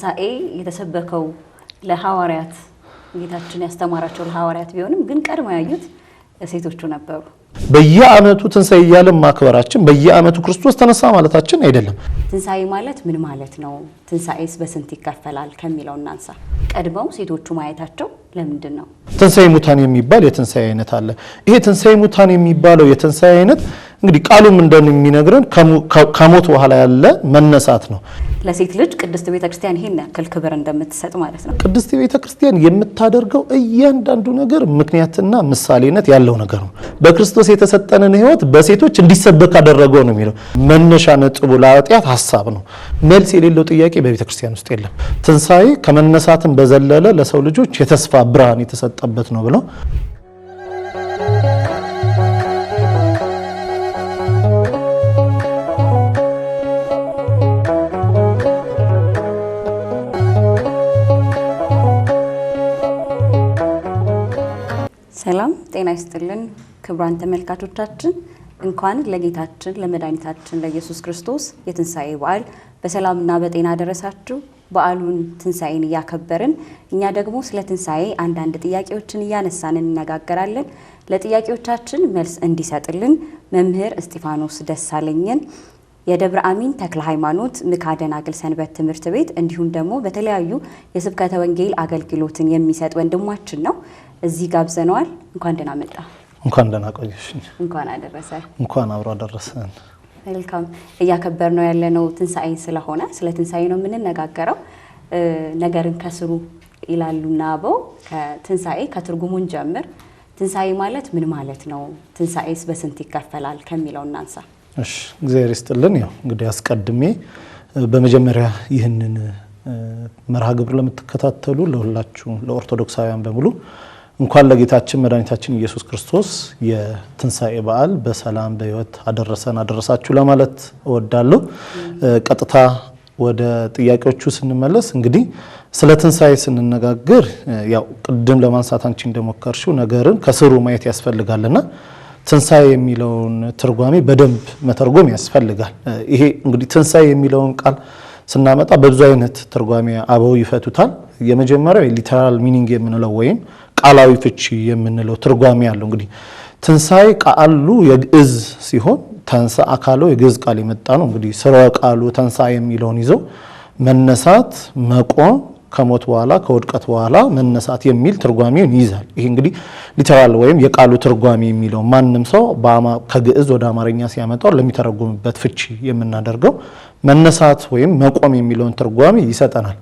ትንሣኤ የተሰበከው ለሐዋርያት ጌታችን ያስተማራቸው ለሐዋርያት ቢሆንም ግን ቀድሞ ያዩት ሴቶቹ ነበሩ። በየዓመቱ ትንሣኤ እያለን ማክበራችን በየዓመቱ ክርስቶስ ተነሳ ማለታችን አይደለም። ትንሣኤ ማለት ምን ማለት ነው? ትንሣኤስ በስንት ይከፈላል? ከሚለው እናንሳ። ቀድመው ሴቶቹ ማየታቸው ለምንድን ነው? ትንሣኤ ሙታን የሚባል የትንሣኤ አይነት አለ። ይሄ ትንሣኤ ሙታን የሚባለው የትንሣኤ አይነት እንግዲህ ቃሉም የሚነግረን ከሞት በኋላ ያለ መነሳት ነው። ለሴት ልጅ ቅድስት ቤተክርስቲያን ይሄን ያክል ክብር እንደምትሰጥ ማለት ነው። ቅድስት ቤተክርስቲያን የምታደርገው እያንዳንዱ ነገር ምክንያትና ምሳሌነት ያለው ነገር ነው። በክርስቶስ የተሰጠንን ሕይወት በሴቶች እንዲሰበክ አደረገው ነው የሚለው መነሻ ነጥቡ ለኃጢአት ሀሳብ ነው። መልስ የሌለው ጥያቄ በቤተክርስቲያን ውስጥ የለም። ትንሣኤ ከመነሳትን በዘለለ ለሰው ልጆች የተስፋ ብርሃን የተሰጠበት ነው ብለው ሰላም ጤና ይስጥልን ክቡራን ተመልካቾቻችን፣ እንኳን ለጌታችን ለመድኃኒታችን ለኢየሱስ ክርስቶስ የትንሣኤ በዓል በሰላምና በጤና ደረሳችሁ። በዓሉን ትንሣኤን እያከበርን እኛ ደግሞ ስለ ትንሣኤ አንዳንድ ጥያቄዎችን እያነሳን እንነጋገራለን። ለጥያቄዎቻችን መልስ እንዲሰጥልን መምህር እስጢፋኖስ ደሳለኝን የደብረ አሚን ተክለ ሃይማኖት ምክአ ሰንበት ትምህርት ቤት እንዲሁም ደግሞ በተለያዩ የስብከተ ወንጌል አገልግሎትን የሚሰጥ ወንድማችን ነው። እዚህ ጋብዘነዋል። እንኳን ደህና መጣ። እንኳን ደህና ቆየሽኝ። እንኳን አደረሰ። እንኳን አብሮ አደረሰን። መልካም እያከበር ነው ያለነው ትንሣኤን ስለሆነ ስለ ትንሣኤ ነው የምንነጋገረው። ነገርን ከስሩ ይላሉና አበው ከትንሣኤ ከትርጉሙን ጀምር። ትንሣኤ ማለት ምን ማለት ነው? ትንሣኤስ በስንት ይከፈላል ከሚለው እናንሳ። እሺ፣ እግዚአብሔር ይስጥልን። ያው እንግዲህ አስቀድሜ በመጀመሪያ ይህንን መርሃ ግብር ለምትከታተሉ ለሁላችሁ ለኦርቶዶክሳውያን በሙሉ እንኳን ለጌታችን መድኃኒታችን ኢየሱስ ክርስቶስ የትንሣኤ በዓል በሰላም በሕይወት አደረሰን አደረሳችሁ ለማለት እወዳለሁ። ቀጥታ ወደ ጥያቄዎቹ ስንመለስ እንግዲህ ስለ ትንሣኤ ስንነጋገር ያው ቅድም ለማንሳት አንቺ እንደሞከርሽው ነገርን ከስሩ ማየት ያስፈልጋልና ትንሣኤ የሚለውን ትርጓሜ በደንብ መተርጎም ያስፈልጋል። ይሄ እንግዲህ ትንሣኤ የሚለውን ቃል ስናመጣ በብዙ አይነት ትርጓሜ አበው ይፈቱታል። የመጀመሪያው ሊተራል ሚኒንግ የምንለው ወይም ቃላዊ ፍቺ የምንለው ትርጓሜ ያለው እንግዲህ ትንሣኤ ቃሉ የግዕዝ ሲሆን ተንሳ ካለው የግዕዝ ቃል የመጣ ነው። እንግዲህ ስራ ቃሉ ተንሳ የሚለውን ይዘው መነሳት፣ መቆም ከሞት በኋላ ከውድቀት በኋላ መነሳት የሚል ትርጓሜውን ይይዛል። ይሄ እንግዲህ ሊተራል ወይም የቃሉ ትርጓሜ የሚለው ማንም ሰው ከግዕዝ ወደ አማርኛ ሲያመጣው ለሚተረጉምበት ፍቺ የምናደርገው መነሳት ወይም መቆም የሚለውን ትርጓሜ ይሰጠናል።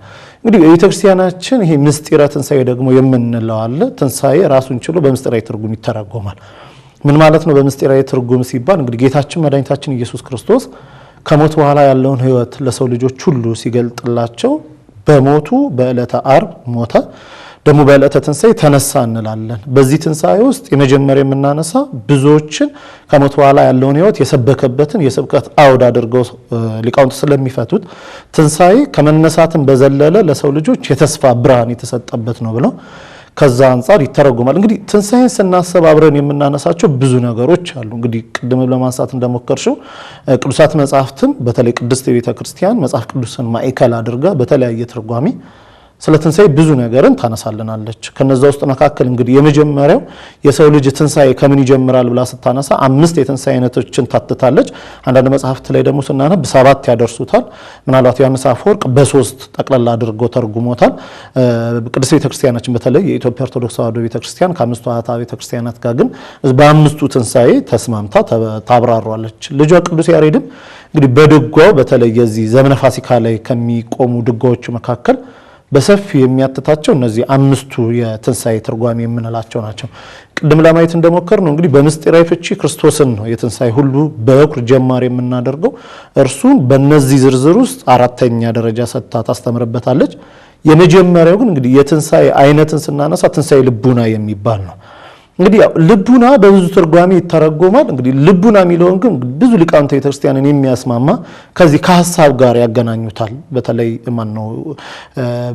እንግዲህ የቤተክርስቲያናችን ይሄ ምስጢረ ትንሣኤ ደግሞ የምንለው አለ። ትንሣኤ ራሱን ችሎ በምስጢራዊ ትርጉም ይተረጎማል። ምን ማለት ነው? በምስጢራዊ ትርጉም ሲባል እንግዲህ ጌታችን መድኃኒታችን ኢየሱስ ክርስቶስ ከሞት በኋላ ያለውን ሕይወት ለሰው ልጆች ሁሉ ሲገልጥላቸው በሞቱ በዕለተ አርብ ሞተ። ደግሞ በዕለተ ትንሣኤ ተነሳ እንላለን። በዚህ ትንሣኤ ውስጥ የመጀመሪያ የምናነሳ ብዙዎችን ከሞት በኋላ ያለውን ሕይወት የሰበከበትን የስብከት አውድ አድርገው ሊቃውንት ስለሚፈቱት ትንሣኤ ከመነሳትን በዘለለ ለሰው ልጆች የተስፋ ብርሃን የተሰጠበት ነው ብለው ከዛ አንጻር ይተረጉማል። እንግዲህ ትንሣኤን ስናስብ አብረን የምናነሳቸው ብዙ ነገሮች አሉ። እንግዲህ ቅድም ለማንሳት እንደሞከርሽው ቅዱሳት መጽሐፍትን በተለይ ቅድስት ቤተክርስቲያን ክርስቲያን መጽሐፍ ቅዱስን ማዕከል አድርጋ በተለያየ ትርጓሜ ስለ ትንሣኤ ብዙ ነገርን ታነሳልናለች። ከነዛ ውስጥ መካከል እንግዲህ የመጀመሪያው የሰው ልጅ ትንሣኤ ከምን ይጀምራል ብላ ስታነሳ አምስት የትንሣኤ አይነቶችን ታትታለች። አንዳንድ መጽሐፍት ላይ ደግሞ ስናነብ ሰባት ያደርሱታል። ምናልባት ዮሐንስ አፈወርቅ በሶስት ጠቅላላ አድርጎ ተርጉሞታል። ቅድስት ቤተክርስቲያናችን በተለይ የኢትዮጵያ ኦርቶዶክስ ተዋሕዶ ቤተክርስቲያን ከአምስቱ አኃት ቤተክርስቲያናት ጋር ግን በአምስቱ ትንሣኤ ተስማምታ ታብራሯለች። ልጇ ቅዱስ ያሬድም እንግዲህ በድጓው በተለይ የዚህ ዘመነ ፋሲካ ላይ ከሚቆሙ ድጓዎቹ መካከል በሰፊ የሚያትታቸው እነዚህ አምስቱ የትንሣኤ ትርጓሜ የምንላቸው ናቸው። ቅድም ለማየት እንደሞከር ነው እንግዲህ በምስጢራዊ ፍቺ ክርስቶስን ነው የትንሣኤ ሁሉ በኩር ጀማሪ የምናደርገው። እርሱን በእነዚህ ዝርዝር ውስጥ አራተኛ ደረጃ ሰጥታ ታስተምርበታለች። የመጀመሪያው ግን እንግዲህ የትንሣኤ አይነትን ስናነሳ ትንሣኤ ልቡና የሚባል ነው። እንግዲህ ያው ልቡና በብዙ ትርጓሜ ይተረጎማል። እንግዲህ ልቡና የሚለውን ግን ብዙ ሊቃውንተ ቤተክርስቲያንን የሚያስማማ ከዚህ ከሀሳብ ጋር ያገናኙታል። በተለይ ማን ነው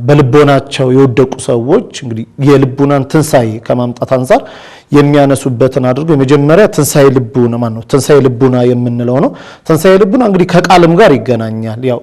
በልቦናቸው የወደቁ ሰዎች እንግዲህ የልቡናን ትንሳኤ ከማምጣት አንጻር የሚያነሱበትን አድርገው የመጀመሪያ ትንሳኤ ልቡና ማን ነው ትንሳኤ ልቡና የምንለው ነው። ትንሳኤ ልቡና እንግዲህ ከቃልም ጋር ይገናኛል። ያው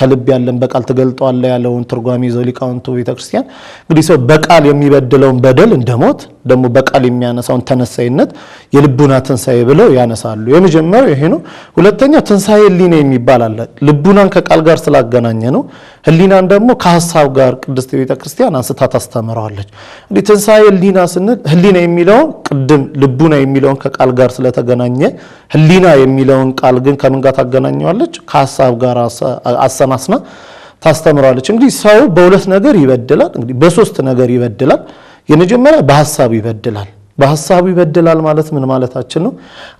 ከልብ ያለን በቃል ትገልጠዋለ ያለውን ትርጓሜ ይዘው ሊቃውንቱ ቤተክርስቲያን እንግዲህ ሰው በቃል የሚበድለውን በደል እንደሞት ደግሞ በቃል የሚያነሳውን ተነሳይነት የልቡና ትንሳኤ ብለው ያነሳሉ። የመጀመሪያው ይሄ ነው። ሁለተኛው ትንሳኤ ህሊና የሚባል አለ። ልቡናን ከቃል ጋር ስላገናኘ ነው። ህሊናን ደግሞ ከሀሳብ ጋር ቅድስት ቤተ ክርስቲያን አንስታ ታስተምረዋለች። እንግዲህ ትንሳኤ ህሊና ስንል ህሊና የሚለውን ቅድም ልቡና የሚለውን ከቃል ጋር ስለተገናኘ ህሊና የሚለውን ቃል ግን ከምን ጋር ታገናኘዋለች? ከሀሳብ ጋር አሰናስና ታስተምራለች። እንግዲህ ሰው በሁለት ነገር ይበድላል። እንግዲህ በሶስት ነገር ይበድላል። የመጀመሪያ በሀሳብ ይበድላል። በሀሳቡ ይበድላል ማለት ምን ማለታችን ነው?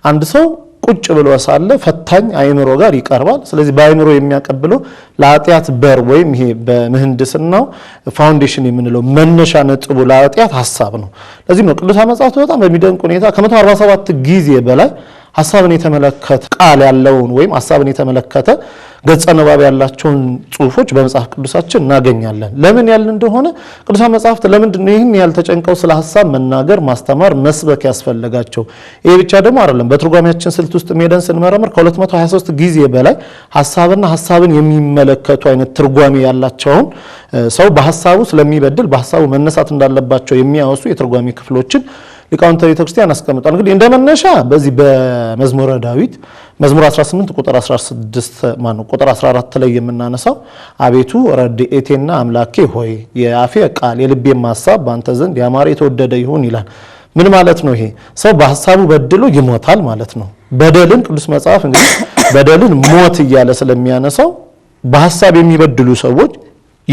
አንድ ሰው ቁጭ ብሎ ሳለ ፈታኝ አእምሮ ጋር ይቀርባል። ስለዚህ በአእምሮ የሚያቀብለው ለኃጢአት በር ወይም ይሄ በምህንድስናው ፋውንዴሽን የምንለው መነሻ ነጥቡ ለኃጢአት ሀሳብ ነው። ለዚህም ነው ቅዱሳ አመጻቱ በጣም በሚደንቅ ሁኔታ ከ147 ጊዜ በላይ ሀሳብን የተመለከተ ቃል ያለውን ወይም ሀሳብን የተመለከተ ገጸ ንባብ ያላቸውን ጽሁፎች በመጽሐፍ ቅዱሳችን እናገኛለን። ለምን ያል እንደሆነ ቅዱሳን መጽሐፍት ለምንድን ነው ይህን ያህል ተጨንቀው ስለ ሀሳብ መናገር፣ ማስተማር፣ መስበክ ያስፈለጋቸው? ይህ ብቻ ደግሞ አይደለም። በትርጓሚያችን ስልት ውስጥ ሄደን ስንመረምር ከ223 ጊዜ በላይ ሀሳብና ሀሳብን የሚመለከቱ አይነት ትርጓሜ ያላቸውን ሰው በሀሳቡ ስለሚበድል በሀሳቡ መነሳት እንዳለባቸው የሚያወሱ የትርጓሜ ክፍሎችን ሊቃውንተ ቤተክርስቲያን አስቀምጧል። እንግዲህ እንደ መነሻ በዚህ በመዝሙረ ዳዊት መዝሙር 18 ቁጥር 16 ማነው ቁጥር 14 ላይ የምናነሳው አቤቱ ረድኤቴና አምላኬ ሆይ የአፌ ቃል የልቤ ሀሳብ በአንተ ዘንድ ያማረ የተወደደ ይሁን ይላል። ምን ማለት ነው? ይሄ ሰው በሀሳቡ በድሎ ይሞታል ማለት ነው። በደልን ቅዱስ መጽሐፍ እንግዲህ በደልን ሞት እያለ ስለሚያነሳው በሀሳብ የሚበድሉ ሰዎች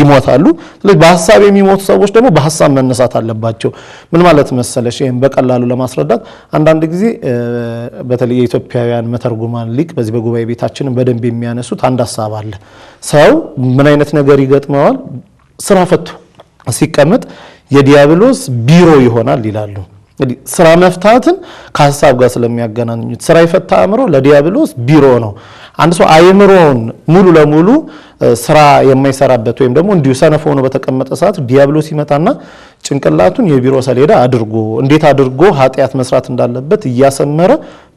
ይሞታሉ። ስለዚህ በሀሳብ የሚሞቱ ሰዎች ደግሞ በሀሳብ መነሳት አለባቸው። ምን ማለት መሰለሽ፣ ይህም በቀላሉ ለማስረዳት አንዳንድ ጊዜ በተለይ የኢትዮጵያውያን መተርጉማን ሊቅ በዚህ በጉባኤ ቤታችንን በደንብ የሚያነሱት አንድ ሀሳብ አለ። ሰው ምን አይነት ነገር ይገጥመዋል? ስራ ፈቶ ሲቀመጥ የዲያብሎስ ቢሮ ይሆናል ይላሉ። እንግዲህ ስራ መፍታትን ከሀሳብ ጋር ስለሚያገናኙት ስራ የፈታ አእምሮ ለዲያብሎስ ቢሮ ነው። አንድ ሰው አይምሮውን ሙሉ ለሙሉ ስራ የማይሰራበት ወይም ደግሞ እንዲሁ ሰነፍ ሆኖ በተቀመጠ ሰዓት ዲያብሎ ሲመጣና ጭንቅላቱን የቢሮ ሰሌዳ አድርጎ እንዴት አድርጎ ኃጢአት መስራት እንዳለበት እያሰመረ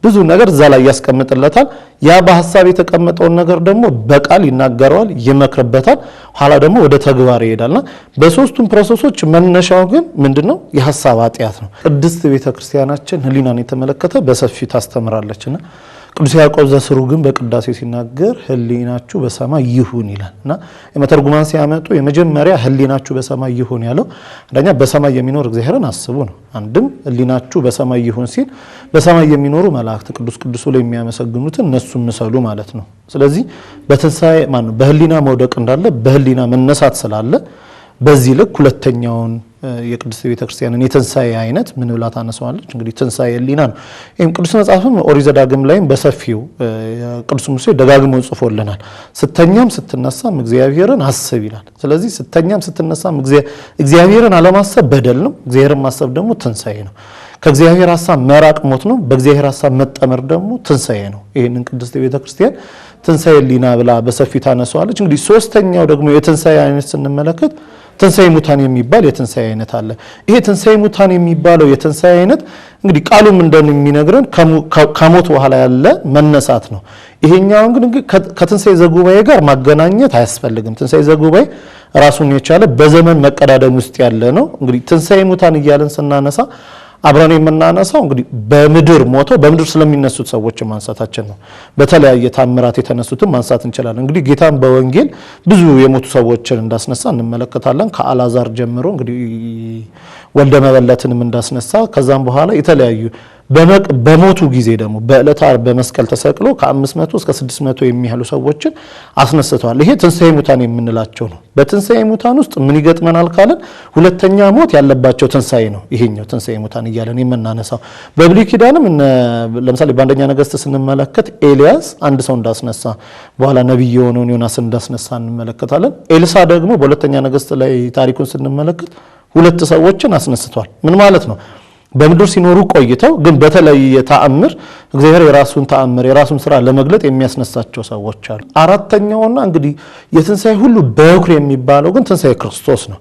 ብዙ ነገር እዛ ላይ ያስቀምጥለታል። ያ በሀሳብ የተቀመጠውን ነገር ደግሞ በቃል ይናገረዋል፣ ይመክርበታል። ኋላ ደግሞ ወደ ተግባር ይሄዳልና በሶስቱም ፕሮሰሶች መነሻው ግን ምንድን ነው? የሀሳብ ኃጢአት ነው። ቅድስት ቤተክርስቲያናችን ህሊናን የተመለከተ በሰፊ ታስተምራለችና ቅዱስ ያዕቆብ ዘስሩ ግን በቅዳሴ ሲናገር ህሊናችሁ በሰማይ ይሁን ይላል እና የመተርጉማን ሲያመጡ የመጀመሪያ ህሊናችሁ በሰማይ ይሁን ያለው አንደኛ በሰማይ የሚኖር እግዚአብሔርን አስቡ ነው። አንድም ህሊናችሁ በሰማይ ይሁን ሲል በሰማይ የሚኖሩ መላእክት ቅዱስ ቅዱሱ ላይ የሚያመሰግኑትን እነሱ ምሰሉ ማለት ነው። ስለዚህ በትንሳኤ ማነው በህሊና መውደቅ እንዳለ በህሊና መነሳት ስላለ በዚህ ልክ ሁለተኛውን የቅድስት ቤተክርስቲያንን የትንሣኤ አይነት ምን ብላ ታነሳዋለች? እንግዲህ ትንሣኤ ሕሊና ነው። ይህም ቅዱስ መጽሐፍም ኦሪት ዘዳግም ላይም በሰፊው ቅዱስ ሙሴ ደጋግሞ ጽፎልናል። ስተኛም ስትነሳም እግዚአብሔርን አስብ ይላል። ስለዚህ ስተኛም ስትነሳም እግዚአብሔርን አለማሰብ በደል ነው። እግዚአብሔርን ማሰብ ደግሞ ትንሣኤ ነው። ከእግዚአብሔር ሀሳብ መራቅ ሞት ነው። በእግዚአብሔር ሀሳብ መጠመር ደግሞ ትንሣኤ ነው። ይህንን ቅድስት ክርስቲያን ትንሣኤ ሕሊና ብላ በሰፊ ታነሳዋለች። እንግዲህ ሶስተኛው ደግሞ የትንሣኤ አይነት ስንመለከት ትንሳኤ ሙታን የሚባል የትንሳኤ አይነት አለ። ይሄ ትንሳኤ ሙታን የሚባለው የትንሳኤ አይነት እንግዲህ ቃሉም የሚነግረን ከሞት በኋላ ያለ መነሳት ነው። ይሄኛው እንግዲህ ከትንሳኤ ዘጉባኤ ጋር ማገናኘት አያስፈልግም። ትንሳኤ ዘጉባኤ ራሱን የቻለ በዘመን መቀዳደም ውስጥ ያለ ነው። እንግዲህ ትንሳኤ ሙታን እያለን ስናነሳ አብረን የምናነሳው እንግዲህ በምድር ሞተው በምድር ስለሚነሱት ሰዎች ማንሳታችን ነው። በተለያየ ታምራት የተነሱትን ማንሳት እንችላለን። እንግዲህ ጌታን በወንጌል ብዙ የሞቱ ሰዎችን እንዳስነሳ እንመለከታለን። ከአላዛር ጀምሮ እንግዲህ ወልደ መበለትንም እንዳስነሳ ከዛም በኋላ የተለያዩ በሞቱ ጊዜ ደግሞ በዕለተ ዓርብ በመስቀል ተሰቅሎ ከ500 እስከ 600 የሚያህሉ ሰዎችን አስነስተዋል። ይሄ ትንሣኤ ሙታን የምንላቸው ነው። በትንሣኤ ሙታን ውስጥ ምን ይገጥመናል ካልን ሁለተኛ ሞት ያለባቸው ትንሣኤ ነው። ይሄኛው ትንሣኤ ሙታን እያለን የምናነሳው በብሉይ ኪዳንም ለምሳሌ በአንደኛ ነገሥት ስንመለከት ኤልያስ አንድ ሰው እንዳስነሳ በኋላ ነቢይ የሆነውን ዮናስ እንዳስነሳ እንመለከታለን። ኤልሳ ደግሞ በሁለተኛ ነገሥት ላይ ታሪኩን ስንመለከት ሁለት ሰዎችን አስነስቷል። ምን ማለት ነው? በምድር ሲኖሩ ቆይተው ግን በተለየ ተአምር እግዚአብሔር የራሱን ተአምር የራሱን ስራ ለመግለጥ የሚያስነሳቸው ሰዎች አሉ። አራተኛውና እንግዲህ የትንሣኤ ሁሉ በኩር የሚባለው ግን ትንሣኤ ክርስቶስ ነው።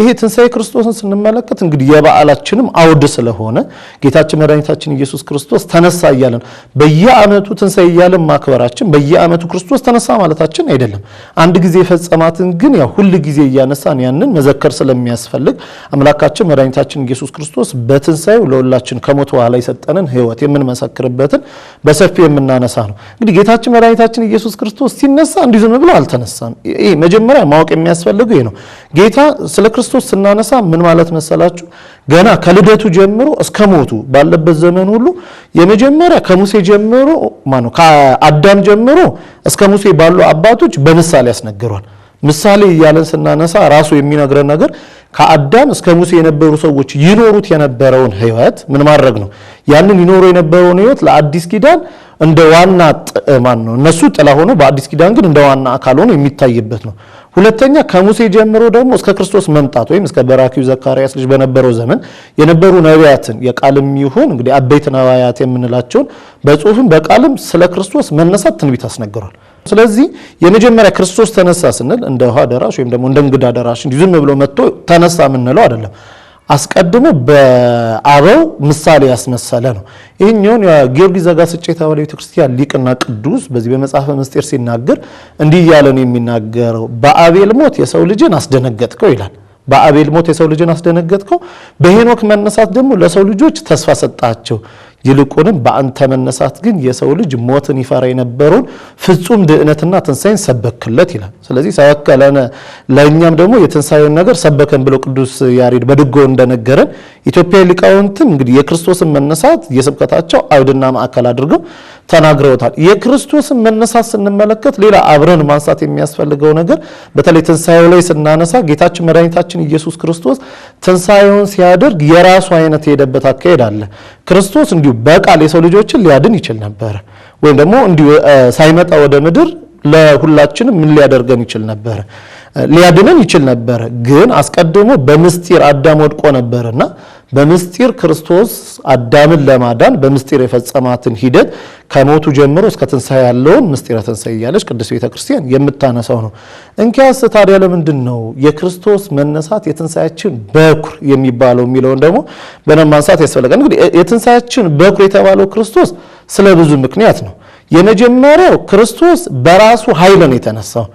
ይሄ ትንሣኤ ክርስቶስን ስንመለከት እንግዲህ የበዓላችንም አውድ ስለሆነ ጌታችን መድኃኒታችን ኢየሱስ ክርስቶስ ተነሳ እያለን በየዓመቱ ትንሣኤ እያለን ማክበራችን በየዓመቱ ክርስቶስ ተነሳ ማለታችን አይደለም። አንድ ጊዜ የፈጸማትን ግን ያው ሁል ጊዜ እያነሳን ያንን መዘከር ስለሚያስፈልግ አምላካችን መድኃኒታችን ኢየሱስ ክርስቶስ በትንሣኤው ለሁላችን ከሞት በኋላ የሰጠንን ሕይወት የምንመሰክርበትን በሰፊው የምናነሳ ነው። እንግዲህ ጌታችን መድኃኒታችን ኢየሱስ ክርስቶስ ሲነሳ እንዲህ ዝም ብሎ አልተነሳም። ይሄ መጀመሪያ ማወቅ የሚያስፈልገው ይሄ ነው። ጌታ ስለ ክርስቶስ ክርስቶስ ስናነሳ ምን ማለት መሰላችሁ? ገና ከልደቱ ጀምሮ እስከ ሞቱ ባለበት ዘመን ሁሉ የመጀመሪያ ከሙሴ ጀምሮ ማነው ከአዳም ጀምሮ እስከ ሙሴ ባሉ አባቶች በምሳሌ ያስነግሯል። ምሳሌ እያለን ስናነሳ ራሱ የሚነግረን ነገር ከአዳም እስከ ሙሴ የነበሩ ሰዎች ይኖሩት የነበረውን ሕይወት ምን ማድረግ ነው ያንን ይኖረው የነበረውን ህይወት ለአዲስ ኪዳን እንደ ዋና ማን ነው እነሱ ጥላ ሆኖ በአዲስ ኪዳን ግን እንደ ዋና አካል ሆኖ የሚታይበት ነው። ሁለተኛ ከሙሴ ጀምሮ ደግሞ እስከ ክርስቶስ መምጣት ወይም እስከ በራኪው ዘካርያስ ልጅ በነበረው ዘመን የነበሩ ነቢያትን የቃልም ይሁን እንግዲህ አበይት ነቢያት የምንላቸውን በጽሁፍም በቃልም ስለ ክርስቶስ መነሳት ትንቢት አስነግሯል። ስለዚህ የመጀመሪያ ክርስቶስ ተነሳ ስንል እንደ ውሃ ደራሽ ወይም ደግሞ እንደ እንግዳ ደራሽ ዝም ብሎ መጥቶ ተነሳ የምንለው አይደለም። አስቀድሞ በአበው ምሳሌ ያስመሰለ ነው። ይህኛውን ጊዮርጊስ ዘጋስጫ የተባለ ቤተክርስቲያን ሊቅና ቅዱስ በዚህ በመጽሐፈ ምስጢር ሲናገር እንዲህ እያለ ነው የሚናገረው። በአቤል ሞት የሰው ልጅን አስደነገጥከው ይላል። በአቤል ሞት የሰው ልጅን አስደነገጥከው፣ በሄኖክ መነሳት ደግሞ ለሰው ልጆች ተስፋ ሰጣቸው። ይልቁንም በአንተ መነሳት ግን የሰው ልጅ ሞትን ይፈራ የነበረውን ፍጹም ድህነትና ትንሣኤን ሰበክለት ይላል። ስለዚህ ሰበከለነ ለእኛም ደግሞ የትንሣኤውን ነገር ሰበከን ብሎ ቅዱስ ያሬድ በድጎ እንደነገረን ኢትዮጵያ ሊቃውንትም እንግዲህ የክርስቶስን መነሳት የስብከታቸው አውድና ማዕከል አድርገው ተናግረውታል። የክርስቶስን መነሳት ስንመለከት ሌላ አብረን ማንሳት የሚያስፈልገው ነገር በተለይ ትንሣኤው ላይ ስናነሳ ጌታችን መድኃኒታችን ኢየሱስ ክርስቶስ ትንሣኤውን ሲያደርግ የራሱ አይነት የሄደበት አካሄድ አለ። ክርስቶስ እንዲሁ እንዲሁ በቃል የሰው ልጆችን ሊያድን ይችል ነበር፣ ወይም ደግሞ እንዲሁ ሳይመጣ ወደ ምድር ለሁላችንም ምን ሊያደርገን ይችል ነበር? ሊያድነን ይችል ነበር። ግን አስቀድሞ በምስጢር አዳም ወድቆ ነበርና በምስጢር ክርስቶስ አዳምን ለማዳን በምስጢር የፈጸማትን ሂደት ከሞቱ ጀምሮ እስከ ትንሣኤ ያለውን ምስጢረ ትንሣኤ እያለች ቅድስት ቤተ ክርስቲያን የምታነሳው ነው። እንኪያስ ታዲያ ለምንድን ነው የክርስቶስ መነሳት የትንሣኤያችን በኩር የሚባለው የሚለውን ደግሞ በደንብ ማንሳት ያስፈልጋል። እንግዲህ የትንሣኤያችን በኩር የተባለው ክርስቶስ ስለ ብዙ ምክንያት ነው። የመጀመሪያው ክርስቶስ በራሱ ኃይል ነው የተነሳው።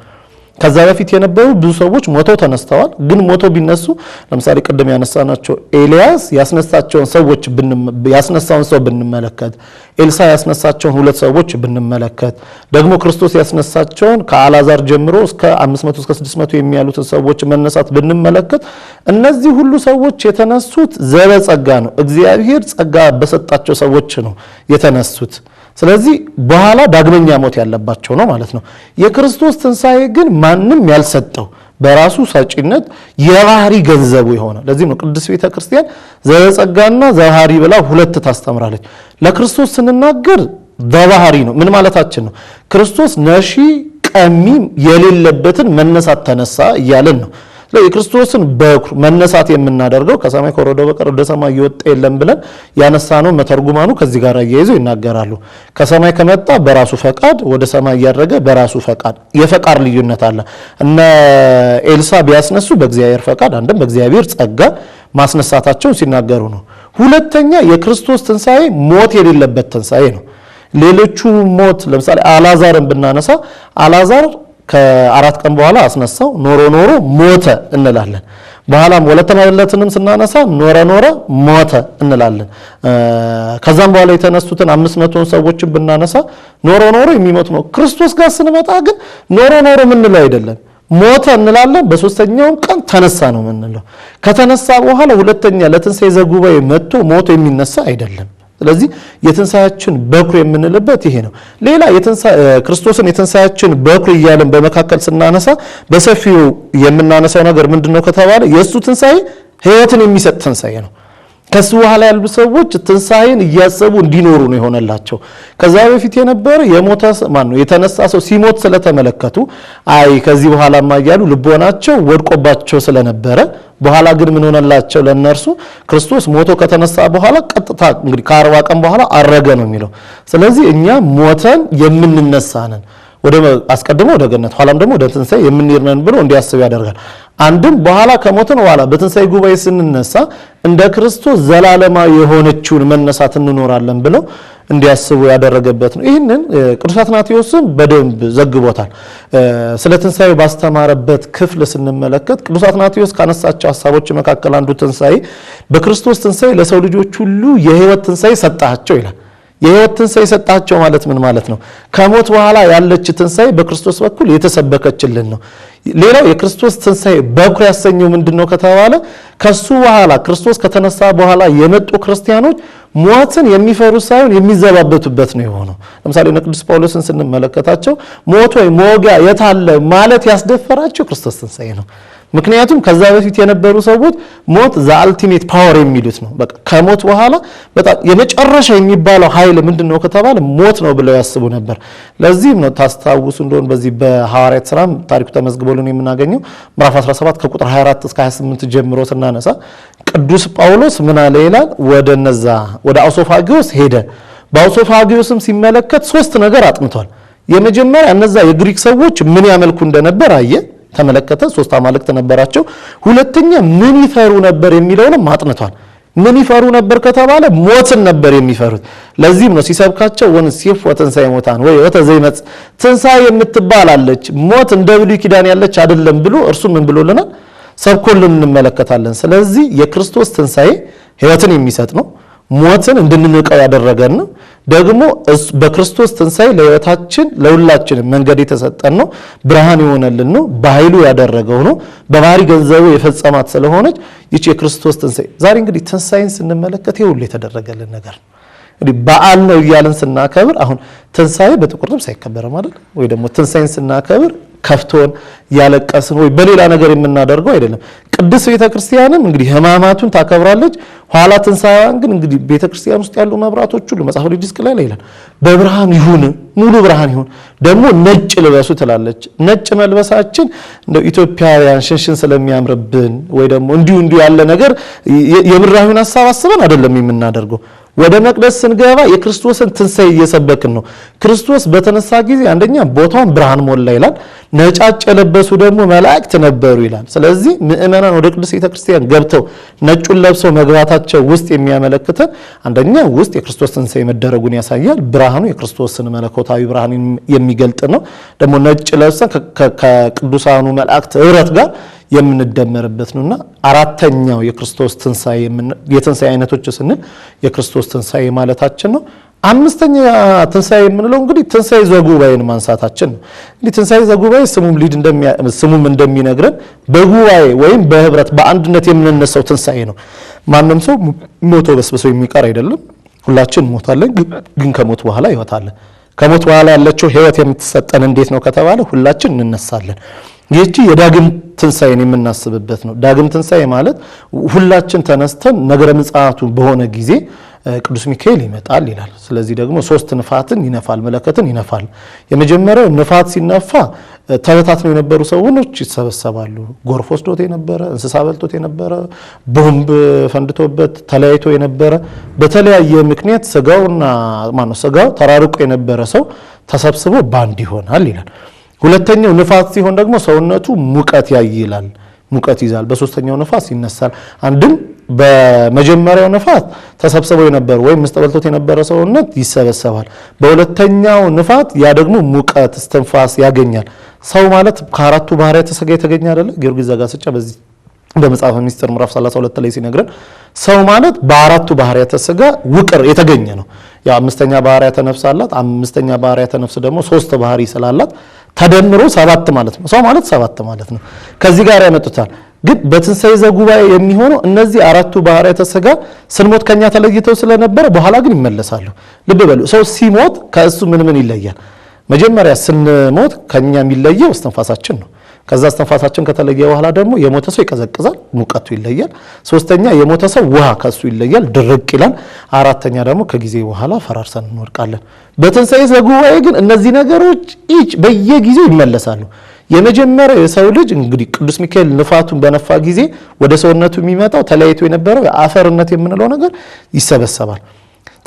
ከዛ በፊት የነበሩ ብዙ ሰዎች ሞተው ተነስተዋል። ግን ሞተው ቢነሱ ለምሳሌ ቅድም ያነሳናቸው ኤልያስ ያስነሳቸውን ሰዎች ያስነሳውን ሰው ብንመለከት፣ ኤልሳ ያስነሳቸውን ሁለት ሰዎች ብንመለከት፣ ደግሞ ክርስቶስ ያስነሳቸውን ከአላዛር ጀምሮ እስከ 500 እስከ 600 የሚያሉትን ሰዎች መነሳት ብንመለከት እነዚህ ሁሉ ሰዎች የተነሱት ዘበጸጋ ነው። እግዚአብሔር ጸጋ በሰጣቸው ሰዎች ነው የተነሱት። ስለዚህ በኋላ ዳግመኛ ሞት ያለባቸው ነው ማለት ነው። የክርስቶስ ትንሣኤ ግን ማንም ያልሰጠው በራሱ ሰጪነት የባህሪ ገንዘቡ የሆነ ለዚህም ነው ቅዱስ ቤተ ክርስቲያን ዘጸጋና ዘባህሪ ብላ ሁለት ታስተምራለች። ለክርስቶስ ስንናገር በባህሪ ነው። ምን ማለታችን ነው? ክርስቶስ ነሺ ቀሚም የሌለበትን መነሳት ተነሳ እያለን ነው። የክርስቶስን በኩር መነሳት የምናደርገው ከሰማይ ከወረደ በቀር ወደ ሰማይ እየወጣ የለም ብለን ነው። መተርጉማኑ ከዚህ ጋር አያይዘው ይናገራሉ። ከሰማይ ከመጣ በራሱ ፈቃድ፣ ወደ ሰማይ እያደረገ በራሱ ፈቃድ። የፈቃድ ልዩነት አለ። እነ ኤልሳ ቢያስነሱ በእግዚአብሔር ፈቃድ፣ አንድም በእግዚአብሔር ጸጋ ማስነሳታቸውን ሲናገሩ ነው። ሁለተኛ የክርስቶስ ትንሣኤ ሞት የሌለበት ትንሣኤ ነው። ሌሎቹ ሞት ለምሳሌ አላዛርን ብናነሳ አላዛር ከአራት ቀን በኋላ አስነሳው። ኖሮ ኖሮ ሞተ እንላለን። በኋላም ወለተ ማይለትንም ስናነሳ ኖረ ኖረ ሞተ እንላለን። ከዛም በኋላ የተነሱትን አምስት መቶን ሰዎችን ብናነሳ ኖሮ ኖሮ የሚሞት ነው። ክርስቶስ ጋር ስንመጣ ግን ኖሮ ኖሮ ምንለው አይደለም ሞተ እንላለን። በሶስተኛውም ቀን ተነሳ ነው ምንለው። ከተነሳ በኋላ ሁለተኛ ለትንሣኤ ዘጉባኤ መጥቶ ሞቶ የሚነሳ አይደለም። ስለዚህ የትንሳያችን በኩር የምንልበት ይሄ ነው። ሌላ ክርስቶስን የትንሳያችን በኩር እያለን በመካከል ስናነሳ በሰፊው የምናነሳው ነገር ምንድን ነው ከተባለ የእሱ ትንሳኤ ህይወትን የሚሰጥ ትንሳኤ ነው። ከሱ በኋላ ያሉ ሰዎች ትንሣኤን እያሰቡ እንዲኖሩ ነው የሆነላቸው። ከዛ በፊት የነበረ የሞተ ማን ነው የተነሳ ሰው ሲሞት ስለተመለከቱ አይ ከዚህ በኋላ ማያሉ ልቦናቸው ወድቆባቸው ስለነበረ በኋላ ግን ምን ሆነላቸው? ለነርሱ ክርስቶስ ሞቶ ከተነሳ በኋላ ቀጥታ እንግዲህ ከአርባ ቀን በኋላ አረገ ነው የሚለው። ስለዚህ እኛ ሞተን የምንነሳ ነን። ወደ አስቀድሞ ወደ ገነት ኋላም ደግሞ ወደ ትንሣኤ የምንሄድ ነን ብሎ እንዲያስብ ያደርጋል። አንድም በኋላ ከሞትን በኋላ በትንሳኤ ጉባኤ ስንነሳ እንደ ክርስቶስ ዘላለማዊ የሆነችውን መነሳት እንኖራለን ብለው እንዲያስቡ ያደረገበት ነው። ይህንን ቅዱስ አትናቴዎስም በደንብ ዘግቦታል። ስለ ባስተማረበት ክፍል ስንመለከት ቅዱስ አትናቴዎስ ካነሳቸው ሀሳቦች መካከል አንዱ ትንሣኤ በክርስቶስ ትንሳኤ ለሰው ልጆች ሁሉ የህይወት ትንሳኤ ሰጣቸው ይላል። የህይወት ትንሳኤ ሰጣቸው ማለት ምን ማለት ነው? ከሞት በኋላ ያለች ትንሳኤ በክርስቶስ በኩል የተሰበከችልን ነው። ሌላው የክርስቶስ ትንሳኤ በኩር ያሰኘው ምንድን ነው ከተባለ ከሱ በኋላ ክርስቶስ ከተነሳ በኋላ የመጡ ክርስቲያኖች ሞትን የሚፈሩ ሳይሆን የሚዘባበቱበት ነው የሆነው። ለምሳሌ ቅዱስ ጳውሎስን ስንመለከታቸው ሞት ወይ ሞጋ የታለ ማለት ያስደፈራቸው ክርስቶስ ትንሳኤ ነው። ምክንያቱም ከዛ በፊት የነበሩ ሰዎች ሞት ዘ አልቲሜት ፓወር የሚሉት ነው። በቃ ከሞት በኋላ በጣም የመጨረሻ የሚባለው ኃይል ምንድን ነው ከተባለ ሞት ነው ብለው ያስቡ ነበር። ለዚህም ነው ታስታውሱ እንደሆን በዚህ በሐዋርያት ስራ ታሪኩ ተመዝግቦልን የምናገኘው ምራፍ 17 ከቁጥር 24 እስከ 28 ጀምሮ ስናነሳ ቅዱስ ጳውሎስ ምን አለ ይላል? ወደ ነዛ ወደ አውሶፋጊዮስ ሄደ። በአውሶፋጊዎስም ሲመለከት ሶስት ነገር አጥንቷል። የመጀመሪያ እነዛ የግሪክ ሰዎች ምን ያመልኩ እንደነበር አየ። ተመለከተ። ሶስት አማልክት ነበራቸው። ሁለተኛ ምን ይፈሩ ነበር የሚለውንም ማጥንቷል። ምን ይፈሩ ነበር ከተባለ ሞትን ነበር የሚፈሩት። ለዚህም ነው ሲሰብካቸው ወን ሲፍ ወትንሣኤ ሙታን ወይ ወተዘይመጽ ትንሳይ የምትባል አለች ሞት እንደ ብሉይ ኪዳን ያለች አይደለም ብሎ እርሱ ምን ብሎልናል ሰብኮልን እንመለከታለን። ስለዚህ የክርስቶስ ትንሣኤ ህይወትን የሚሰጥ ነው። ሞትን እንድንንቀው ያደረገን ደግሞ በክርስቶስ ትንሣኤ ለሕይወታችን ለሁላችን መንገድ የተሰጠን ነው። ብርሃን የሆነልን ነው። በኃይሉ ያደረገው ነው። በባህሪ ገንዘቡ የፈጸማት ስለሆነች ይቺ የክርስቶስ ትንሣኤ። ዛሬ እንግዲህ ትንሣኤን ስንመለከት ይህ ሁሉ የተደረገልን ነገር ነው። እንግዲህ በዓል ነው እያለን ስናከብር፣ አሁን ትንሣኤ በጥቁር ልብስ አይከበርም አይደል? ወይ ደግሞ ትንሣኤን ስናከብር ከፍቶን ያለቀስን ወይ በሌላ ነገር የምናደርገው አይደለም። ቅዱስ ቤተ ክርስቲያንም እንግዲህ ህማማቱን ታከብራለች። ኋላ ትንሣኤዋን ግን እንግዲህ ቤተ ክርስቲያን ውስጥ ያሉ መብራቶች ሁሉ መጽሐፍ ቅዱስ ላይ ላይ ይላል በብርሃን ይሁን ሙሉ ብርሃን ይሁን፣ ደግሞ ነጭ ልበሱ ትላለች። ነጭ መልበሳችን እንደው ኢትዮጵያውያን ሽንሽን ስለሚያምርብን ወይ ደግሞ እንዲሁ እንዲሁ ያለ ነገር የምድራዊውን ሀሳብ አስበን አይደለም የምናደርገው ወደ መቅደስ ስንገባ የክርስቶስን ትንሳኤ እየሰበክን ነው። ክርስቶስ በተነሳ ጊዜ አንደኛ ቦታውን ብርሃን ሞላ ይላል። ነጫጭ የለበሱ ደግሞ መላእክት ነበሩ ይላል። ስለዚህ ምእመናን ወደ ቅዱስ ቤተክርስቲያን ገብተው ነጩን ለብሰው መግባታቸው ውስጥ የሚያመለክተን አንደኛ ውስጥ የክርስቶስ ትንሳኤ መደረጉን ያሳያል። ብርሃኑ የክርስቶስን መለኮታዊ ብርሃን የሚገልጥ ነው። ደግሞ ነጭ ለብሰን ከቅዱሳኑ መላእክት ህብረት ጋር የምንደመርበት ነውና አራተኛው የክርስቶስ ትንሳኤ የትንሳኤ አይነቶች ስንል የክርስቶስ ትንሳኤ ማለታችን ነው። አምስተኛ ትንሳኤ የምንለው እንግዲህ ትንሳኤ ዘጉባኤን ማንሳታችን ነው። እንግዲህ ትንሳኤ ዘጉባኤ ስሙም እንደሚነግረን በጉባኤ ወይም በህብረት በአንድነት የምንነሳው ትንሳኤ ነው። ማንም ሰው ሞቶ በስብሰው የሚቀር አይደለም። ሁላችን ሞታለን፣ ግን ከሞት በኋላ ይወታለን። አለ። ከሞት በኋላ ያለችው ህይወት የምትሰጠን እንዴት ነው ከተባለ ሁላችን እንነሳለን። ይህቺ የዳግም ትንሣኤን የምናስብበት ነው። ዳግም ትንሣኤ ማለት ሁላችን ተነስተን ነገረ ምጽቱ በሆነ ጊዜ ቅዱስ ሚካኤል ይመጣል ይላል። ስለዚህ ደግሞ ሶስት ንፋትን ይነፋል፣ መለከትን ይነፋል። የመጀመሪያው ንፋት ሲነፋ ተበታትነው የነበሩ ሰዎች ይሰበሰባሉ። ጎርፍ ወስዶት የነበረ እንስሳ በልቶት የነበረ ቦምብ ፈንድቶበት ተለያይቶ የነበረ በተለያየ ምክንያት ስጋውና ማነው ስጋው ተራርቆ የነበረ ሰው ተሰብስቦ ባንድ ይሆናል ይላል። ሁለተኛው ንፋስ ሲሆን ደግሞ ሰውነቱ ሙቀት ያይላል፣ ሙቀት ይዛል። በሶስተኛው ንፋስ ይነሳል። አንድም በመጀመሪያው ንፋስ ተሰብስበው የነበረ ወይም ምስጠበልቶት የነበረ ሰውነት ይሰበሰባል። በሁለተኛው ንፋስ ያ ደግሞ ሙቀት እስትንፋስ ያገኛል። ሰው ማለት ከአራቱ ባህርያተ ሥጋ የተገኘ አይደለ? ጊዮርጊስ ዘጋስጫ በዚህ በመጽሐፈ ሚስጥር ምዕራፍ 32 ላይ ሲነግረን ሰው ማለት በአራቱ ባህርያተ ሥጋ ውቅር የተገኘ ነው። ያ አምስተኛ ባህርያተ ነፍስ አላት። አምስተኛ ባህርያተ ነፍስ ደግሞ ሶስት ባህሪ ስላላት ተደምሮ ሰባት ማለት ነው። ሰው ማለት ሰባት ማለት ነው። ከዚህ ጋር ያመጡታል። ግን በትንሣኤ ዘጉባኤ የሚሆነው እነዚህ አራቱ ባህርያተ ሥጋ ስንሞት ከኛ ተለይተው ስለነበረ በኋላ ግን ይመለሳሉ። ልብ በሉ። ሰው ሲሞት ከእሱ ምን ምን ይለያል? መጀመሪያ ስንሞት ከኛ የሚለየው እስትንፋሳችን ነው። ከዛ እስትንፋሳችን ከተለየ በኋላ ደግሞ የሞተ ሰው ይቀዘቅዛል፣ ሙቀቱ ይለያል። ሶስተኛ የሞተ ሰው ውሃ ከሱ ይለያል፣ ድርቅ ይላል። አራተኛ ደግሞ ከጊዜ በኋላ ፈራርሰን እንወድቃለን። በትንሣኤ ዘጉባኤ ግን እነዚህ ነገሮች ኢች በየጊዜው ይመለሳሉ። የመጀመሪያው የሰው ልጅ እንግዲህ ቅዱስ ሚካኤል ንፋቱን በነፋ ጊዜ ወደ ሰውነቱ የሚመጣው ተለያይቶ የነበረው የአፈርነት የምንለው ነገር ይሰበሰባል።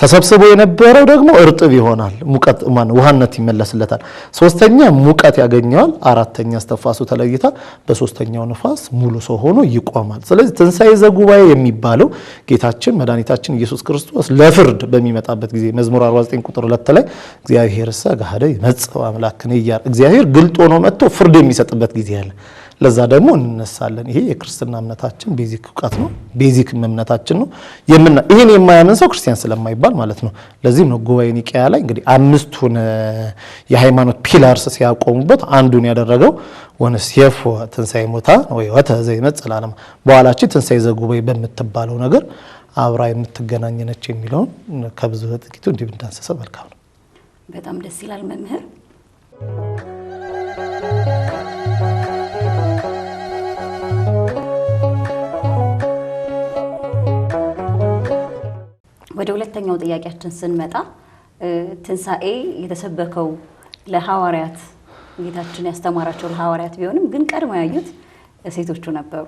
ተሰብስቦ የነበረው ደግሞ እርጥብ ይሆናል፣ ሙቀት ውሃነት ይመለስለታል። ሶስተኛ ሙቀት ያገኘዋል። አራተኛ እስትንፋሱ ተለይታ በሶስተኛው ንፋስ ሙሉ ሰው ሆኖ ይቆማል። ስለዚህ ትንሣኤ ዘጉባኤ የሚባለው ጌታችን መድኃኒታችን ኢየሱስ ክርስቶስ ለፍርድ በሚመጣበት ጊዜ መዝሙር 49 ቁጥር 2 ላይ እግዚአብሔር እሳ ጋሃደ ይመጽእ አምላክን እያለ እግዚአብሔር ግልጥ ሆኖ መጥቶ ፍርድ የሚሰጥበት ጊዜ አለ። ለዛ ደግሞ እንነሳለን። ይሄ የክርስትና እምነታችን ቤዚክ እውቀት ነው፣ ቤዚክ እምነታችን ነው። የምና ይሄን የማያምን ሰው ክርስቲያን ስለማይባል ማለት ነው። ለዚህም ነው ጉባኤ ኒቅያ ላይ እንግዲህ አምስቱን የሃይማኖት ፒላርስ ሲያቆሙበት አንዱን ያደረገው ወንሴፎ ትንሣኤ ሞታ ወይ ወተ ወተዘይመጽእ ለዓለም በኋላችን ትንሣኤ ዘጉባኤ በምትባለው ነገር አብራ የምትገናኝ ነች የሚለውን ከብዙ ጥቂቱ እንዲህ ብንዳንሰሰ መልካም ነው። በጣም ደስ ይላል መምህር ወደ ሁለተኛው ጥያቄያችን ስንመጣ ትንሣኤ የተሰበከው ለሐዋርያት ጌታችን ያስተማራቸው ለሐዋርያት ቢሆንም ግን ቀድሞ ያዩት ሴቶቹ ነበሩ።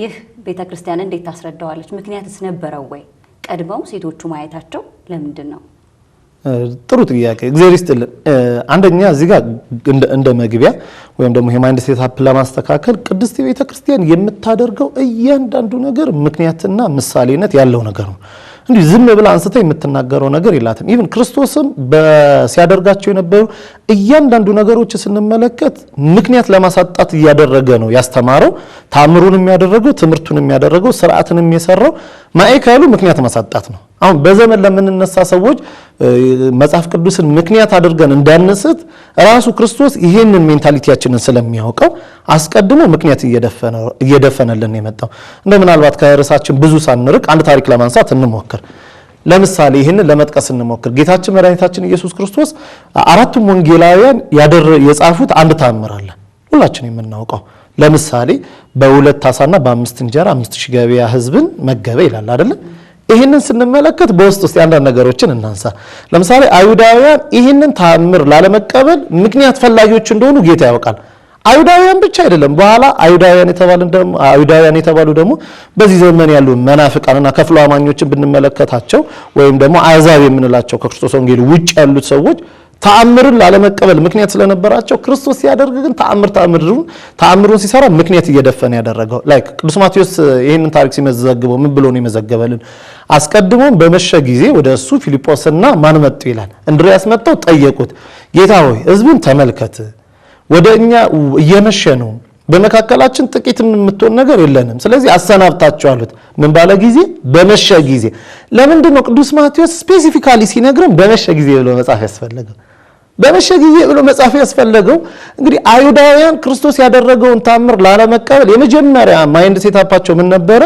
ይህ ቤተ ክርስቲያን እንዴት ታስረዳዋለች? ምክንያትስ ነበረው ወይ? ቀድመው ሴቶቹ ማየታቸው ለምንድን ነው? ጥሩ ጥያቄ እግዚአብሔር ይስጥልን። አንደኛ እዚህ ጋር እንደ መግቢያ ወይም ደግሞ የማይንድ ሴታፕ ለማስተካከል ቅድስት ቤተ ክርስቲያን የምታደርገው እያንዳንዱ ነገር ምክንያትና ምሳሌነት ያለው ነገር ነው። እንዲህ ዝም ብላ አንስታ የምትናገረው ነገር የላትም። ኢቭን ክርስቶስም ሲያደርጋቸው የነበሩ እያንዳንዱ ነገሮች ስንመለከት ምክንያት ለማሳጣት እያደረገ ነው ያስተማረው። ታምሩን የሚያደረገው ትምህርቱን የሚያደረገው ስርዓትን የሚሰራው ማዕከሉ ምክንያት ማሳጣት ነው። አሁን በዘመን ለምንነሳ ሰዎች መጽሐፍ ቅዱስን ምክንያት አድርገን እንዳንስት ራሱ ክርስቶስ ይህንን ሜንታሊቲያችንን ስለሚያውቀው አስቀድሞ ምክንያት እየደፈነልን የመጣው እንደ ምናልባት ከርዕሳችን ብዙ ሳንርቅ አንድ ታሪክ ለማንሳት እንሞክር። ለምሳሌ ይህን ለመጥቀስ እንሞክር። ጌታችን መድኃኒታችን ኢየሱስ ክርስቶስ አራቱም ወንጌላውያን የጻፉት አንድ ታምራለ አለ፣ ሁላችን የምናውቀው ለምሳሌ በሁለት አሳና በአምስት እንጀራ አምስት ሺህ ገበያ ህዝብን መገበ ይላል አይደለም ይህንን ስንመለከት በውስጥ ውስጥ አንዳንድ ነገሮችን እናንሳ። ለምሳሌ አይሁዳውያን ይህንን ታምር ላለመቀበል ምክንያት ፈላጊዎች እንደሆኑ ጌታ ያውቃል። አይሁዳውያን ብቻ አይደለም። በኋላ አይሁዳውያን የተባሉ ደግሞ በዚህ ዘመን ያሉ መናፍቃንና ከፍሎ አማኞችን ብንመለከታቸው ወይም ደግሞ አዛብ የምንላቸው ከክርስቶስ ወንጌል ውጭ ያሉት ሰዎች ተአምርን ላለመቀበል ምክንያት ስለነበራቸው ክርስቶስ ሲያደርግ ግን ተአምር ተአምሩን ተአምሩን ሲሰራ ምክንያት እየደፈነ ያደረገው ላይክ ቅዱስ ማቴዎስ ይህንን ታሪክ ሲመዘግበው ምን ብሎ ነው የመዘገበልን? አስቀድሞም በመሸ ጊዜ ወደ እሱ ፊልጶስና ማን መጡ ይላል። እንድርያስ መጥተው ጠየቁት፣ ጌታ ሆይ ሕዝቡን ተመልከት፣ ወደ እኛ እየመሸ ነው፣ በመካከላችን ጥቂት የምትሆን ነገር የለንም፣ ስለዚህ አሰናብታቸው አሉት። ምን ባለ ጊዜ? በመሸ ጊዜ። ለምንድን ነው ቅዱስ ማቴዎስ ስፔሲፊካሊ ሲነግርም በመሸ ጊዜ ብሎ መጻፍ ያስፈለገው? በመሸ ጊዜ ብሎ መጽሐፍ ያስፈለገው እንግዲህ አይሁዳውያን ክርስቶስ ያደረገውን ታምር ላለመቀበል የመጀመሪያ ማይንድ ሴታፓቸው ምን ነበረ?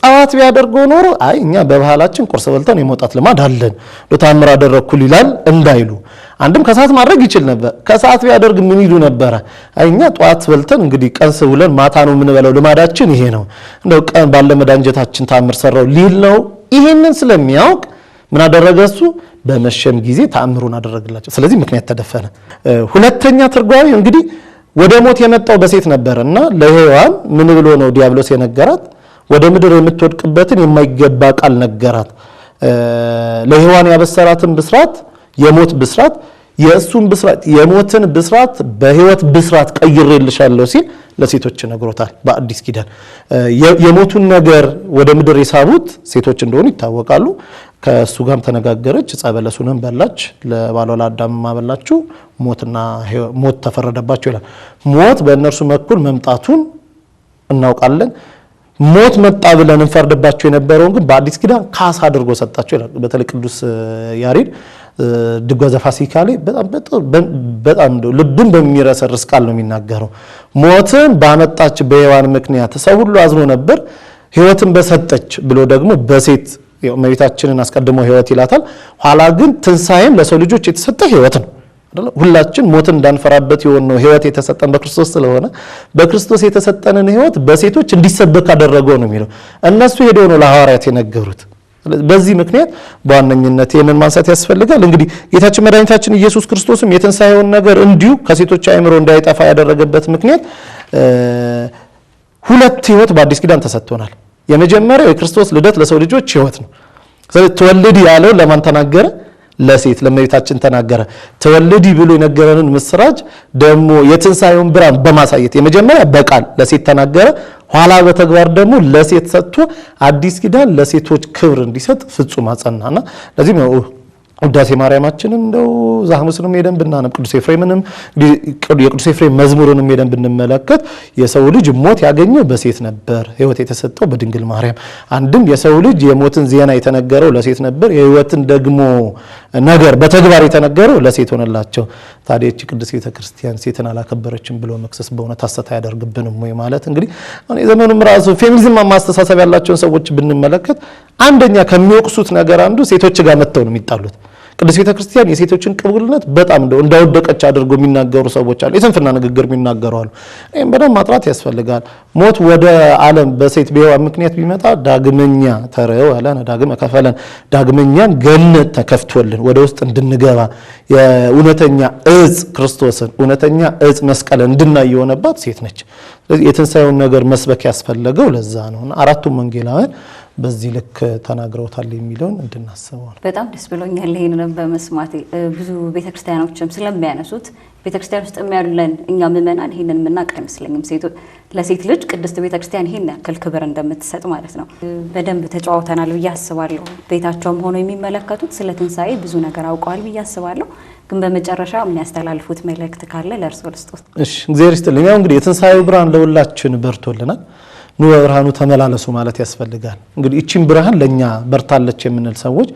ጠዋት ቢያደርገው ኖሮ አይ እኛ በባህላችን ቁርስ በልተን የመውጣት ልማድ አለን፣ ለታምር አደረግኩል ይላል እንዳይሉ። አንድም ከሰዓት ማድረግ ይችል ነበር። ከሰዓት ቢያደርግ ምን ይሉ ነበረ? አይ እኛ ጠዋት በልተን እንግዲህ ቀንስ ብለን ማታ ነው የምንበለው፣ ልማዳችን ይሄ ነው፣ እንደው ቀን ባለመዳንጀታችን ታምር ሰራው ሊል ነው። ይህንን ስለሚያውቅ ምን አደረገ እሱ? በመሸም ጊዜ ተአምሩን አደረግላቸው። ስለዚህ ምክንያት ተደፈነ። ሁለተኛ ትርጓሚ እንግዲህ ወደ ሞት የመጣው በሴት ነበር እና ለሔዋን ምን ብሎ ነው ዲያብሎስ የነገራት? ወደ ምድር የምትወድቅበትን የማይገባ ቃል ነገራት። ለሔዋን ያበሰራትን ብስራት የሞት ብስራት የእሱን ብስራት የሞትን ብስራት በህይወት ብስራት ቀይሬልሻለሁ ሲል ለሴቶች ነግሮታል። በአዲስ ኪዳን የሞቱን ነገር ወደ ምድር የሳቡት ሴቶች እንደሆኑ ይታወቃሉ። ከእሱ ጋም ተነጋገረች፣ ዕፀ በለሱንም በላች፣ ለባሏ ለአዳም አበላችው፣ ሞት ተፈረደባቸው ይላል። ሞት በእነርሱ በኩል መምጣቱን እናውቃለን። ሞት መጣ ብለን እንፈርድባቸው የነበረውን ግን በአዲስ ኪዳን ካሳ አድርጎ ሰጣቸው ይላል። በተለይ ቅዱስ ያሬድ ድጓ ዘፋሲካ ላይ በጣም ልብን በሚረሰርስ ቃል ነው የሚናገረው። ሞትን ባመጣች በሔዋን ምክንያት ሰው ሁሉ አዝኖ ነበር፣ ህይወትን በሰጠች ብሎ ደግሞ በሴት እመቤታችንን አስቀድሞ ህይወት ይላታል። ኋላ ግን ትንሣኤም ለሰው ልጆች የተሰጠ ህይወት ነው። ሁላችን ሞትን እንዳንፈራበት የሆን ነው ህይወት የተሰጠን በክርስቶስ ስለሆነ በክርስቶስ የተሰጠንን ህይወት በሴቶች እንዲሰበክ አደረገው ነው የሚለው። እነሱ ሄደው ነው ለሐዋርያት የነገሩት። በዚህ ምክንያት በዋነኝነት ይህንን ማንሳት ያስፈልጋል። እንግዲህ ጌታችን መድኃኒታችን ኢየሱስ ክርስቶስም የትንሣኤውን ነገር እንዲሁ ከሴቶች አእምሮ እንዳይጠፋ ያደረገበት ምክንያት ሁለት ህይወት በአዲስ ኪዳን ተሰጥቶናል። የመጀመሪያው የክርስቶስ ልደት ለሰው ልጆች ህይወት ነው። ስለዚህ ትወልድ ያለው ለማን ተናገረ? ለሴት ለእመቤታችን ተናገረ። ተወልዲ ብሎ የነገረንን ምስራች ደግሞ የትንሣኤውን ብርሃን በማሳየት የመጀመሪያ በቃል ለሴት ተናገረ። ኋላ በተግባር ደግሞ ለሴት ሰጥቶ አዲስ ኪዳን ለሴቶች ክብር እንዲሰጥ ፍጹም አጸናና ለዚህም ውዳሴ ማርያማችንን እንደው ዛህሙስንም ሄደን ብናነብ ቅዱስ ኤፍሬምንም የቅዱስ ኤፍሬም መዝሙርንም ሄደን ብንመለከት የሰው ልጅ ሞት ያገኘው በሴት ነበር፣ ሕይወት የተሰጠው በድንግል ማርያም። አንድም የሰው ልጅ የሞትን ዜና የተነገረው ለሴት ነበር፣ የሕይወትን ደግሞ ነገር በተግባር የተነገረው ለሴት ሆነላቸው። ታዲያ ይህች ቅድስት ቤተ ክርስቲያን ሴትን አላከበረችም ብሎ መክሰስ በእውነት አሰት አያደርግብንም ወይ? ማለት እንግዲህ አሁን የዘመኑም ራሱ ፌሚኒዝም ማስተሳሰብ ያላቸውን ሰዎች ብንመለከት አንደኛ ከሚወቅሱት ነገር አንዱ ሴቶች ጋር መጥተው ነው የሚጣሉት። ቅዱስ ቤተ ክርስቲያን የሴቶችን ቅቡልነት በጣም እንደው እንዳወደቀች አድርጎ የሚናገሩ ሰዎች አሉ። የስንፍና ንግግር የሚናገሩ አሉ። ይህም በደንብ ማጥራት ያስፈልጋል። ሞት ወደ ዓለም በሴት ብሔዋ ምክንያት ቢመጣ ዳግመኛ ተርዕወለነ ዳግመ ከፈለን ዳግመኛ ገነት ተከፍቶልን ወደ ውስጥ እንድንገባ የእውነተኛ እጽ ክርስቶስን እውነተኛ እጽ መስቀል እንድናይ የሆነባት ሴት ነች። ስለዚህ የትንሣኤውን ነገር መስበክ ያስፈለገው ለዛ ነው። አራቱም ወንጌላውያን በዚህ ልክ ተናግረውታል የሚለውን እንድናስበዋል። በጣም ደስ ብሎኛል ይህንን በመስማት ብዙ ቤተክርስቲያኖችም ስለሚያነሱት ቤተክርስቲያን ውስጥ የሚያሉለን እኛ ምዕመናን ይህንን የምናቅ አይመስለኝም። ለሴት ልጅ ቅድስት ቤተክርስቲያን ይህን ያክል ክብር እንደምትሰጥ ማለት ነው። በደንብ ተጫዋውተናል ብዬ አስባለሁ። ቤታቸውም ሆኖ የሚመለከቱት ስለ ትንሣኤ ብዙ ነገር አውቀዋል ብዬ አስባለሁ። ግን በመጨረሻ የሚያስተላልፉት መልእክት ካለ ለእርስዎ ልስጦት። እሺ፣ እግዚአብሔር ይስጥልኝ። ያው እንግዲህ የትንሣኤው ብርሃን ለሁላችን በርቶልናል። ኑ በብርሃኑ ተመላለሱ ማለት ያስፈልጋል። እንግዲህ ይቺን ብርሃን ለእኛ በርታለች የምንል ሰዎች፣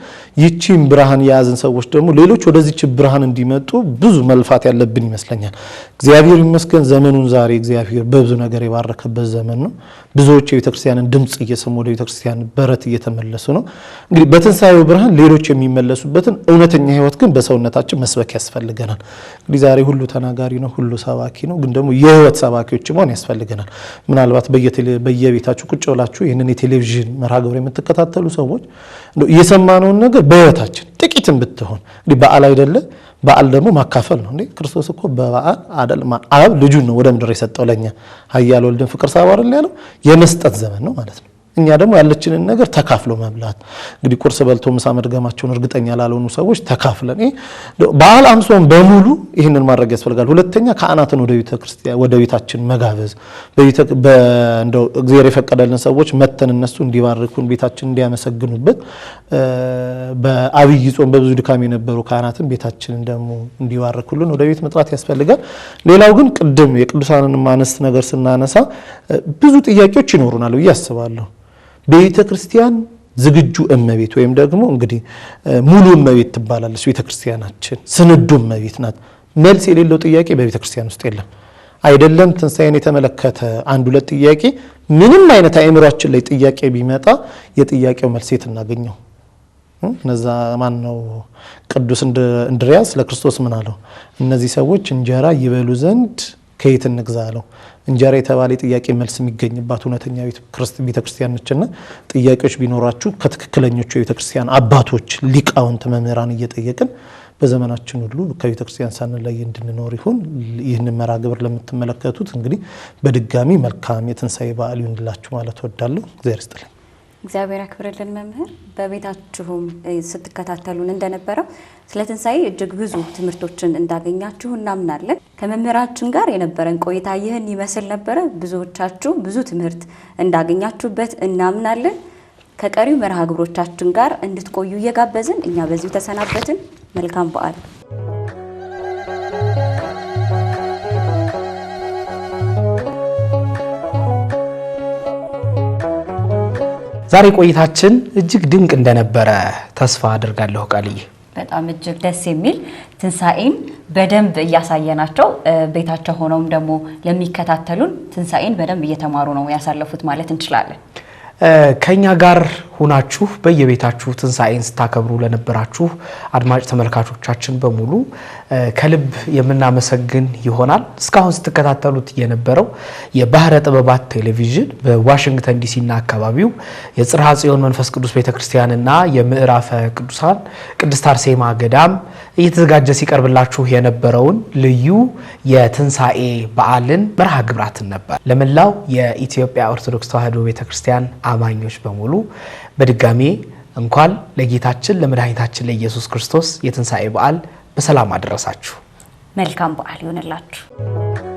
ይቺን ብርሃን የያዝን ሰዎች ደግሞ ሌሎች ወደዚች ብርሃን እንዲመጡ ብዙ መልፋት ያለብን ይመስለኛል። እግዚአብሔር ይመስገን ዘመኑን ዛሬ እግዚአብሔር በብዙ ነገር የባረከበት ዘመን ነው። ብዙዎች የቤተክርስቲያንን ድምፅ እየሰሙ ወደ ቤተክርስቲያን በረት እየተመለሱ ነው። እንግዲህ በትንሣኤው ብርሃን ሌሎች የሚመለሱበትን እውነተኛ ህይወት ግን በሰውነታችን መስበክ ያስፈልገናል። እንግዲህ ዛሬ ሁሉ ተናጋሪ ነው፣ ሁሉ ሰባኪ ነው። ግን ደግሞ የህይወት ሰባኪዎች መሆን ያስፈልገናል ምናልባት በየቤታችሁ ቁጭ ብላችሁ ይህንን የቴሌቪዥን መርሃ ግብር የምትከታተሉ ሰዎች እየሰማነውን ነገር በህይወታችን ጥቂትን ብትሆን እንግዲህ በዓል አይደለ? በዓል ደግሞ ማካፈል ነው እንዴ? ክርስቶስ እኮ በበዓል አብ ልጁን ነው ወደ ምድር የሰጠው ለኛ ሀያል ወልድን ፍቅር ሳባርል ያለው የመስጠት ዘመን ነው ማለት ነው። እኛ ደግሞ ያለችንን ነገር ተካፍሎ መብላት እንግዲህ ቁርስ በልቶ ምሳ መድገማቸውን እርግጠኛ ላልሆኑ ሰዎች ተካፍለን በዓል አምሶን በሙሉ ይህንን ማድረግ ያስፈልጋል። ሁለተኛ ካህናትን ወደ ቤታችን መጋበዝ እንደው እግዚአብሔር የፈቀደልን ሰዎች መተን እነሱ እንዲባርኩን ቤታችን እንዲያመሰግኑበት በአብይ ጾም በብዙ ድካም የነበሩ ካህናትን ቤታችንን ደግሞ እንዲባርኩልን ወደ ቤት መጥራት ያስፈልጋል። ሌላው ግን ቅድም የቅዱሳንን ማነስ ነገር ስናነሳ ብዙ ጥያቄዎች ይኖሩናል ብዬ አስባለሁ። ቤተ ክርስቲያን ዝግጁ እመቤት ወይም ደግሞ እንግዲህ ሙሉ እመቤት ትባላለች ቤተ ክርስቲያናችን፣ ስንዱ እመቤት ናት። መልስ የሌለው ጥያቄ በቤተ ክርስቲያን ውስጥ የለም። አይደለም ትንሣኤን የተመለከተ አንድ ሁለት ጥያቄ፣ ምንም አይነት አእምሯችን ላይ ጥያቄ ቢመጣ የጥያቄው መልስ የት እናገኘው? እነዛ ማን ነው ቅዱስ እንድርያስ ለክርስቶስ ምን አለው? እነዚህ ሰዎች እንጀራ ይበሉ ዘንድ ከየት እንግዛ አለው። እንጀራ የተባለ ጥያቄ መልስ የሚገኝባት እውነተኛ ቤተክርስቲያን ነችና ጥያቄዎች ቢኖራችሁ ከትክክለኞቹ የቤተክርስቲያን አባቶች፣ ሊቃውንት፣ መምህራን እየጠየቅን በዘመናችን ሁሉ ከቤተክርስቲያን ሳንለይ እንድንኖር ይሁን። ይህንን መርሃ ግብር ለምትመለከቱት እንግዲህ በድጋሚ መልካም የትንሳኤ በዓል ይሁንላችሁ ማለት እወዳለሁ። እግዚአብሔር ይስጥልኝ። እግዚአብሔር ያክብርልን መምህር። በቤታችሁም ስትከታተሉን እንደነበረው ስለ ትንሣኤ እጅግ ብዙ ትምህርቶችን እንዳገኛችሁ እናምናለን። ከመምህራችን ጋር የነበረን ቆይታ ይህን ይመስል ነበረ። ብዙዎቻችሁ ብዙ ትምህርት እንዳገኛችሁበት እናምናለን። ከቀሪው መርሃ ግብሮቻችን ጋር እንድትቆዩ እየጋበዝን እኛ በዚሁ ተሰናበትን። መልካም በዓል ዛሬ ቆይታችን እጅግ ድንቅ እንደነበረ ተስፋ አድርጋለሁ። ቃልዬ በጣም እጅግ ደስ የሚል ትንሣኤን በደንብ እያሳየናቸው ቤታቸው ሆነውም ደግሞ ለሚከታተሉን ትንሣኤን በደንብ እየተማሩ ነው ያሳለፉት ማለት እንችላለን ከእኛ ጋር ሁናችሁ በየቤታችሁ ትንሣኤን ስታከብሩ ለነበራችሁ አድማጭ ተመልካቾቻችን በሙሉ ከልብ የምናመሰግን ይሆናል። እስካሁን ስትከታተሉት የነበረው የባህረ ጥበባት ቴሌቪዥን በዋሽንግተን ና አካባቢው የጽርሃ ጽዮን መንፈስ ቅዱስ ቤተ ና የምዕራፈ ቅዱሳን ቅድስት አርሴማ ገዳም እየተዘጋጀ ሲቀርብላችሁ የነበረውን ልዩ የትንሣኤ በዓልን መርሃ ግብራትን ነበር። ለመላው የኢትዮጵያ ኦርቶዶክስ ተዋህዶ ቤተ ክርስቲያን አማኞች በሙሉ በድጋሚ እንኳን ለጌታችን ለመድኃኒታችን ለኢየሱስ ክርስቶስ የትንሣኤ በዓል በሰላም አደረሳችሁ። መልካም በዓል ይሆንላችሁ።